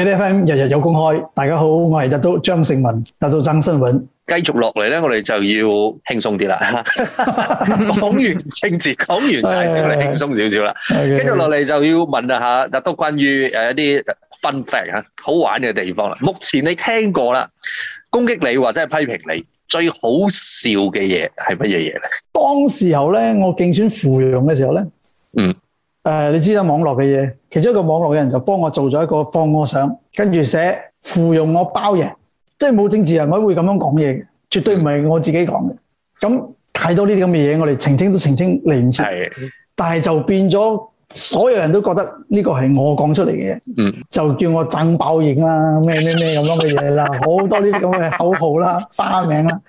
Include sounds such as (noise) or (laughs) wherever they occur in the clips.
嘅啲 friend 日日有工開，大家好，我係拿督張盛聞，拿督張盛聞。繼續落嚟咧，我哋就要輕鬆啲啦。講完政治，講完大事，我哋輕鬆少少啦。跟住落嚟就要問下，拿督關於誒一啲 fun fact 啊，好玩嘅地方啦。目前你聽過啦，攻擊你或者係批評你最好笑嘅嘢係乜嘢嘢咧？當時候咧，我競選芙蓉嘅時候咧，嗯。誒、呃，你知道網絡嘅嘢，其中一個網絡嘅人就幫我做咗一個，放我相，跟住寫附庸我包贏，即係冇政治人可以會咁樣講嘢，絕對唔係我自己講嘅。咁睇到呢啲咁嘅嘢，我哋澄清都澄清嚟唔切，但係就變咗所有人都覺得呢、這個係我講出嚟嘅，嘢、嗯，就叫我憎爆影啦，咩咩咩咁樣嘅嘢啦，好 (laughs) 多呢啲咁嘅口號啦、花名啦，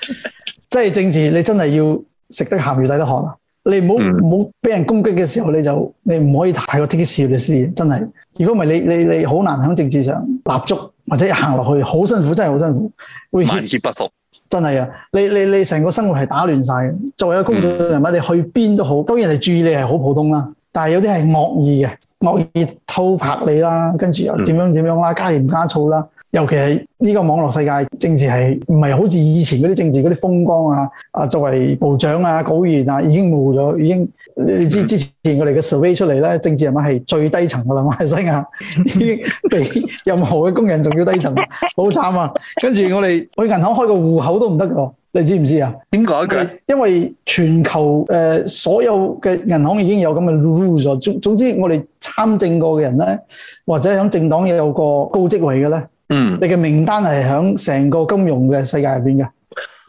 即係政治，你真係要食得鹹魚抵得渴啦你唔好唔好俾人攻擊嘅時候，你就你唔可以太過低少嘅事。真係。如果唔係，你你你好難喺政治上立足，或者行落去好辛苦，真係好辛苦，會一蹶不振。真係啊！你你你成個生活係打亂晒嘅。作為一個工作人物、嗯，你去邊都好，當然係注意你係好普通啦。但係有啲係惡意嘅，惡意偷拍你啦，跟住又點樣點樣啦，加鹽加醋啦。尤其係呢個網絡世界，政治係唔係好似以前嗰啲政治嗰啲風光啊！啊，作為部長啊、議員啊，已經冇咗。已經你知之前我哋嘅 survey 出嚟咧，政治人物係最低層噶啦，馬西亞已經比任何嘅工人仲要低層，好慘啊！跟住我哋去銀行開個戶口都唔得噶，你知唔知啊？點解㗎？因為全球誒、呃、所有嘅銀行已經有咁嘅 rules。總總之，我哋參政過嘅人咧，或者喺政黨有個高職位嘅咧。嗯，你嘅名單係喺成個金融嘅世界入邊嘅，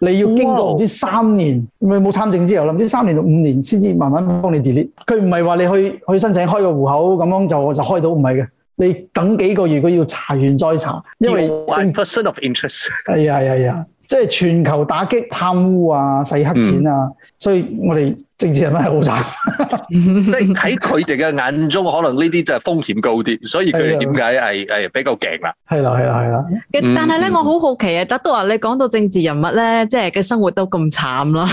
你要經過唔知三年，咪冇參政之後，唔知三年到五年先至慢慢幫你 delete。佢唔係話你去去申請開個戶口咁樣就就開到，唔係嘅，你等幾個月，佢要查完再查，因為 percent of interest。係啊係啊係啊，即係全球打擊貪污啊，洗黑錢啊。嗯。所以我哋政治人物係好慘，即係喺佢哋嘅眼中，可能呢啲就係風險高啲，所以佢哋點解係係比較勁啦？係啦，係啦，係啦、嗯。但係咧，我好好奇啊、嗯，德都話，你講到政治人物咧，即係嘅生活都咁慘啦。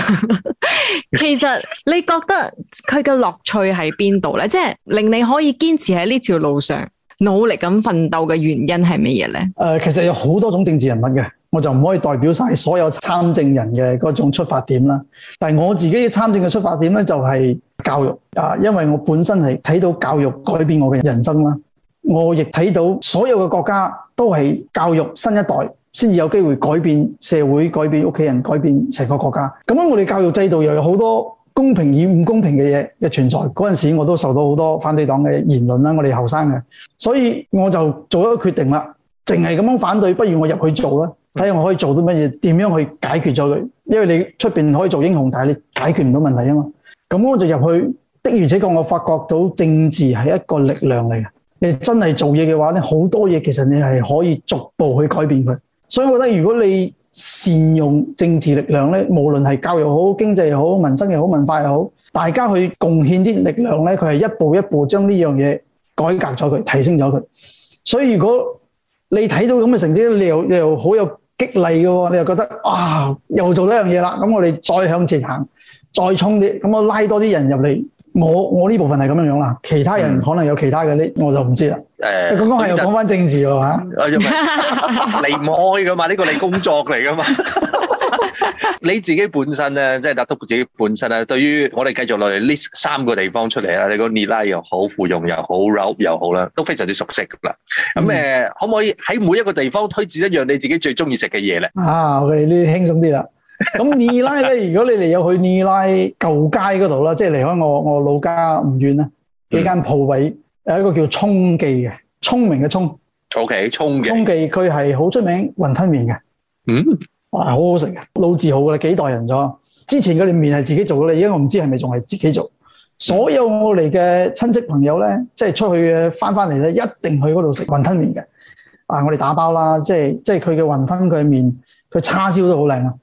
(laughs) 其實你覺得佢嘅樂趣喺邊度咧？即、就、係、是、令你可以堅持喺呢條路上努力咁奮鬥嘅原因係乜嘢咧？誒、呃，其實有好多種政治人物嘅。我就唔可以代表晒所有參政人嘅嗰種出發點啦。但係我自己參政嘅出發點咧，就係教育啊，因為我本身係睇到教育改變我嘅人生啦。我亦睇到所有嘅國家都係教育新一代先至有機會改變社會、改變屋企人、改變成個國家。咁樣我哋教育制度又有好多公平與唔公平嘅嘢嘅存在。嗰陣時我都受到好多反對黨嘅言論啦，我哋後生嘅，所以我就做一個決定啦，淨係咁樣反對，不如我入去做啦。睇下我可以做到乜嘢，點樣去解決咗佢？因為你出邊可以做英雄，但係你解決唔到問題啊嘛。咁我就入去的而且確，我發覺到政治係一個力量嚟嘅。你真係做嘢嘅話咧，好多嘢其實你係可以逐步去改變佢。所以我覺得如果你善用政治力量咧，無論係教育好、經濟又好、民生又好、文化又好，大家去貢獻啲力量咧，佢係一步一步將呢樣嘢改革咗佢，提升咗佢。所以如果，你睇到咁嘅成績，你又又好有激勵嘅喎，你又覺得啊、哦，又做呢一樣嘢啦，咁我哋再向前行，再衝啲，咁我拉多啲人入嚟，我我呢部分係咁樣樣啦，其他人可能有其他嘅啲、嗯，我就唔知啦。誒、嗯，咁剛係又講翻政治嘅話，離唔開嘅嘛，呢個你工作嚟㗎嘛。 (laughs) (laughs) 你自己本身咧，即係拿督自己本身咧。對於我哋繼續落嚟 list 三個地方出嚟啦，你個尼拉又好，芙蓉又好，roup 又好啦，都非常之熟悉噶啦。咁誒、嗯，可唔可以喺每一個地方推薦一樣你自己最中意食嘅嘢咧？啊，我哋呢輕鬆啲啦。咁尼拉咧， (laughs) 如果你哋有去尼拉舊街嗰度啦，即、就、係、是、離開我我老家唔遠啦，幾間鋪位、嗯、有一個叫聰記嘅，聰明嘅聰。O、OK, K，聰記。聰記佢係好出名雲吞麵嘅。嗯。哇好好食嘅老字號噶，啦，幾代人咗。之前佢哋麵係自己做噶啦，而家我唔知係咪仲係自己做。所有我嚟嘅親戚朋友咧，即係出去嘅翻翻嚟咧，一定去嗰度食雲吞麵嘅。啊，我哋打包啦，即係即係佢嘅雲吞佢嘅麵，佢叉燒都好靚啊。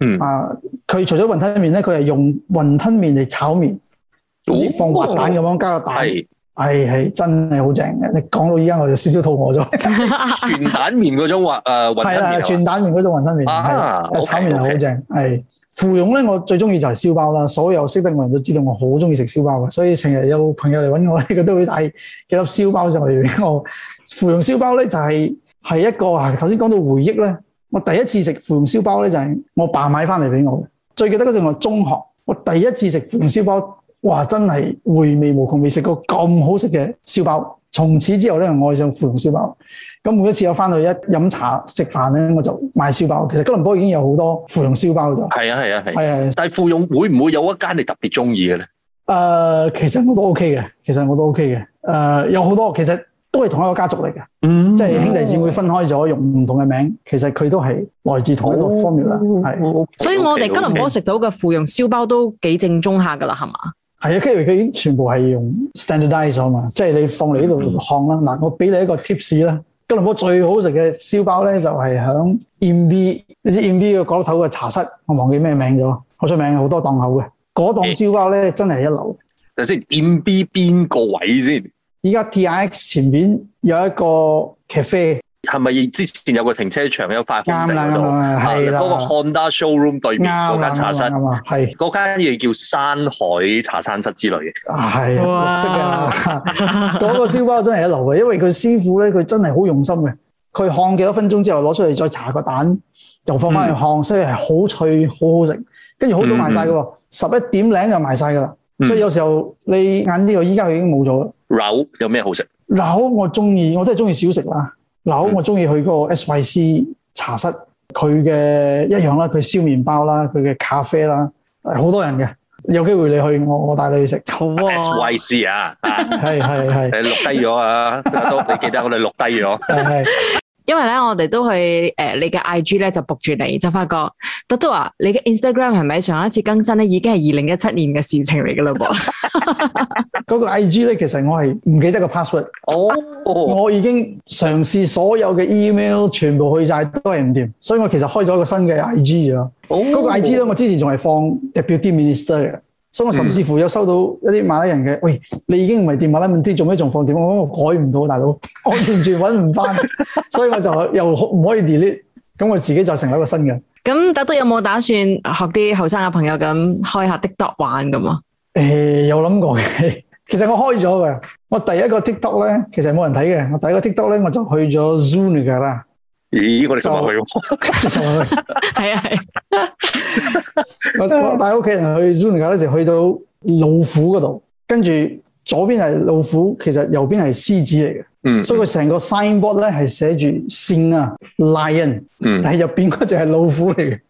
嗯。啊，佢除咗雲吞麵咧，佢係用雲吞麵嚟炒麵，放滑蛋咁樣加個蛋。嗯係係，真係好正嘅。你講到依家，我就少少肚餓咗、 (laughs) 呃。全蛋麵嗰種雲誒雲，係啦，全蛋麵嗰種雲吞麵，啊、okay，炒麵好、okay。正。係芙蓉咧，我最中意就係燒包啦。所有識得我人都知道，我好中意食燒包嘅。所以成日有朋友嚟搵我呢，佢都會帶幾粒燒包上嚟俾我。芙蓉燒包咧就係、是、係一個啊，頭先講到回憶咧，我第一次食芙蓉燒包咧就係、是、我爸買翻嚟俾我。最記得嗰陣我中學，我第一次食芙蓉燒包。哇！真係回味無窮，未食過咁好食嘅燒包。從此之後咧，我愛上芙蓉燒包。咁每一次我翻到去一飲茶食飯咧，我就買燒包。其實吉隆坡已經有好多芙蓉燒包咗。係啊，係啊，係、啊。係係、啊啊、但係芙蓉會唔會有一間你特別中意嘅咧？誒、呃，其實我都 OK 嘅，其實我都 OK 嘅。誒、呃，有好多其實都係同一個家族嚟嘅、嗯，即係兄弟姊妹分開咗、嗯、用唔同嘅名，其實佢都係來自同一個 formula、哦。哦、okay, 所以我哋吉隆坡食到嘅芙蓉燒包都幾正宗下㗎啦，係嘛？係啊，跟住佢全部係用 standardize 啊嘛，即係你放嚟呢度烘啦。嗱，我俾你一個 tips 啦。吉隆坡最好食嘅燒包呢，就係響 MB，你知 MB 個角落頭嘅茶室，我忘記咩名咗，好出名，好多檔口嘅嗰檔燒包呢，真係一流的。頭先 MB 邊個位先？而家 TRX 前面有一個 cafe。係咪之前有個停車場有塊空地度？啱啦，係啊，嗰、那個 Honda showroom 對面嗰間茶室，係嗰間嘢，叫山海茶餐室之類嘅。係啊，嗰個燒包真係一流嘅！ (laughs) 因為佢師傅咧，佢真係好用心嘅。佢烘幾多分鐘之後攞出嚟，再搽個蛋，又放翻去烘，嗯、所以係好脆，很好好食。跟住好早賣晒嘅，十一點零就賣晒噶啦。嗯嗯、所以有時候你眼呢、這個，依家已經冇咗。樓有咩好食？有吃肉？我中意，我真係中意小食啦。嗱，我中意去嗰個 SYC 茶室，佢嘅一樣啦，佢燒麵包啦，佢嘅咖啡啦，好多人嘅，有機會你去，我我帶你去食，好啊。SYC 啊，係系系，你錄低咗啊， (laughs) 都你記得我哋錄低咗，係係。因為咧，我哋都去誒、呃，你嘅 I G 咧就卜住你，就發覺特多啊！你嘅 Instagram 係咪上一次更新咧，已經係二零一七年嘅事情嚟嘅啦？ (laughs) 噃，嗰個 I G 咧，其實我係唔記得個 password。哦、oh, oh.，我已經嘗試所有嘅 email，全部去晒都係唔掂，所以我其實開咗個新嘅 I G 啊。哦，嗰個 I G 咧，我之前仲係放 Deputy Minister 嘅。嗯，所以我甚至乎有收到一啲馬拉人嘅，喂，你已經唔係電馬拉咪啲，做咩仲放？況我改唔到，大佬，我完全揾唔返，所以我就又唔可以 delete。咁我自己就成立一個新嘅。咁拿督有冇有打算學啲後生嘅朋友咁開一下 TikTok 玩㗎嘛？欸，有諗過嘅，其實我開咗嘅，我第一個 TikTok 呢，其實冇人睇嘅。我第一個 TikTok，呢的我，一個 TikTok 呢，我就去咗 Zoom 噶啦。咦！我哋落去歲，十落去！係啊係。我帶屋企人去 Zoo 嗰時，去到老虎嗰度，跟住左邊係老虎，其實右邊係獅子嚟嘅。嗯，嗯，所以佢成個 signboard 咧係寫住 lion 啊，lion。嗯，但係入邊嗰隻係老虎嚟嘅。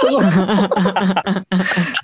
所以，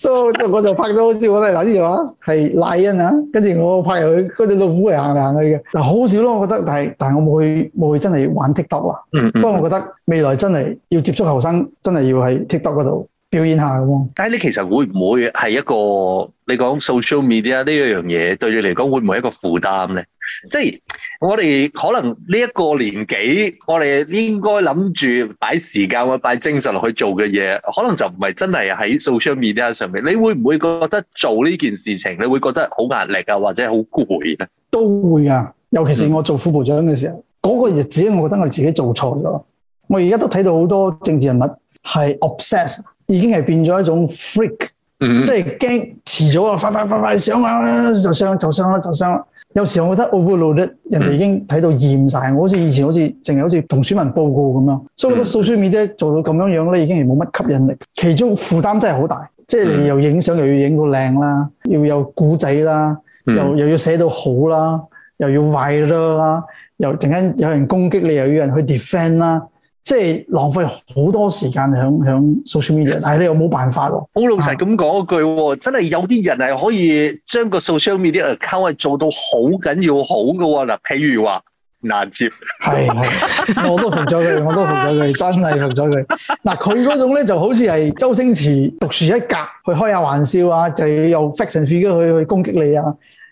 所以我就拍咗好少我嚟諗嘅話，係拉因啊，跟住我拍入去嗰隻老虎嚟行嚟行去嘅，好少咯。我覺得，但係但係我冇去冇去真係玩 TikTok 啊。嗯嗯。不過我覺得未來真係要接觸後生，真係要喺 TikTok 嗰度表演下。咁但係你其實會唔會係一個你講 social media 呢一樣嘢，對你嚟講會唔會一個負擔咧？即係我哋可能呢一個年紀，我哋應該諗住擺時間或擺精神落去做嘅嘢，可能就唔係真係喺 social media 上面。你會唔會覺得做呢件事情，你會覺得好壓力啊，或者好攰咧？都會噶，尤其是我做副部長嘅時候，嗰、嗯嗰個日子我覺得我自己做錯咗。我而家都睇到好多政治人物係 obsess，已經係變咗一種 freak，即係驚遲早啊！快快快快上啊！就上就上啦就上。有時候我覺得，我個路咧，人哋已經睇到厭晒，我好似以前好似淨係好似同選民報告咁樣，所以我覺得訴諸面咧做到咁樣樣咧，已經係冇乜吸引力。其中負擔真係好大，即係你又影相又要影到靚啦，要有故仔啦，又又要寫到好啦，又要壞啦，又陣間有人攻擊你，又要有人去 defend 啦。即、就、係、是、浪費好多時間響響 social media，但係你又冇辦法喎、啊。好老實咁講一句，啊、真係有啲人係可以將個 social media account 係做到好緊要好噶，嗱，譬如話難接，係 (laughs) 係，我都服咗佢，我都服咗佢，真係服咗佢。嗱、啊，佢嗰種咧就好似係周星馳獨樹一格，去開下玩笑啊，就係、是、又 fashion feel 去去攻擊你啊。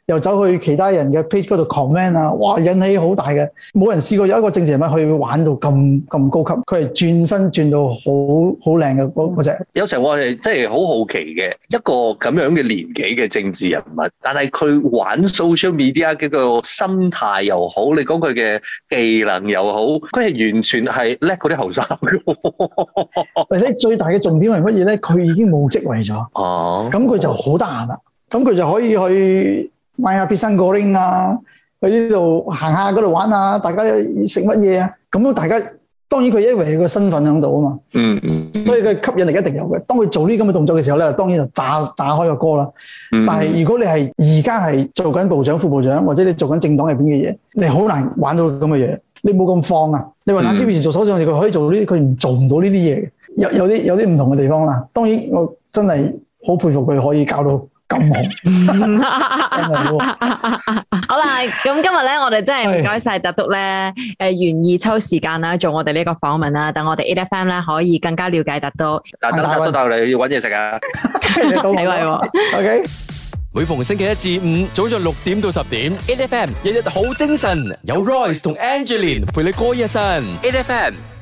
又走去其他人嘅 page 嗰度 comment 啊，哇！引起好大嘅，冇人試過有一個政治人物佢會玩到咁咁高級，佢係轉身轉到好好靚嘅嗰隻。有時候我哋真係好好奇嘅一個咁樣嘅年紀嘅政治人物，但係佢玩 social media 嘅個心態又好，你講佢嘅技能又好，佢係完全係叻過啲後生嘅。 (laughs) 最大嘅重點係乜嘢咧？佢已經冇職位咗，哦、啊，咁佢就好得閒啦，咁佢就可以去。買下必生果鏈啊！去呢度行下，嗰度玩啊！大家食乜嘢啊？咁大家當然佢因為佢個身份響度啊嘛，嗯嗯，所以佢吸引力一定有嘅。當佢做呢咁嘅動作嘅時候咧，當然就炸炸開個歌啦。嗯、但係如果你係而家係做緊部長、副部長，或者你做緊政黨入邊嘅嘢，你好難玩到咁嘅嘢。你冇咁放啊！你話林鄭月娥做首相時，佢可以做呢啲，佢唔做唔到呢啲嘢。有有啲有啲唔同嘅地方啦。當然我真係好佩服佢可以搞到。咁好， (laughs) 嗯、 (laughs) (laughs) (laughs) 好啦，咁今日咧，我哋真係唔該晒拿督咧，誒、呃，願意抽時間啦，做我哋呢個訪問啦，等我哋 8FM 咧可以更加了解拿督。嗱， (laughs) 等拿督帶我哋去搵嘢食啊，睇 (laughs) 位我。 (laughs) 對吧 (laughs) OK， (music) 每逢星期一至五早上六點到十點，8FM 日日好精神，有 Royce 同 Angeline 陪你歌一身，8FM。